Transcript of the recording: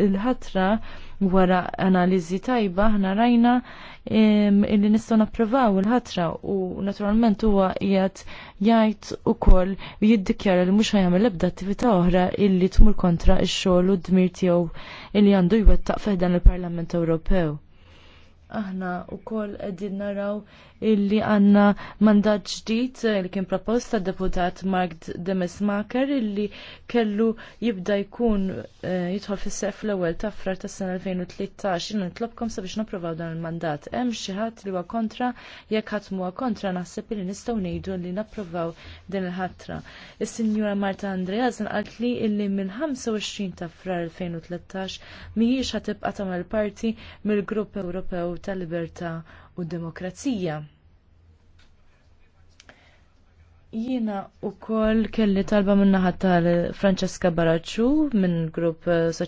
il-ħatra wara analiżi tajba ħna rajna illi nistgħu napprovaw il-ħatra u naturalment huwa qiegħed jgħid ukoll jiddikjara li mhux ħajjagħmel l-ebda attività oħra illi tmur kontra x-xogħol u d-dmir tiegħu illi għandu jwettaq fih dan il-Parlament Ewropew aħna u koll edin naraw illi għanna mandat ġdijt li kien proposta deputat Mark Demesmaker illi kellu jibda jkun eh, jidħol fis sef l ewwel ta' frar ta' sena 2013 nitlobkom sabiex napprovaw dan il-mandat. Hemm xi ħadd li huwa kontra jekk ħadd huwa kontra naħseb li nistgħu ngħidu li napprovaw din il-ħatra. Is-Sinjura Marta Andreas nqalt li illi mill-25 ta' frar 2013 mhijiex ħatibqa' tagħmel parti mill-Grupp Ewropew ta' tal-libertà u demokrazija Jiena u koll kelli talba minnaħat tal-Francesca Baracciu minn grupp eh,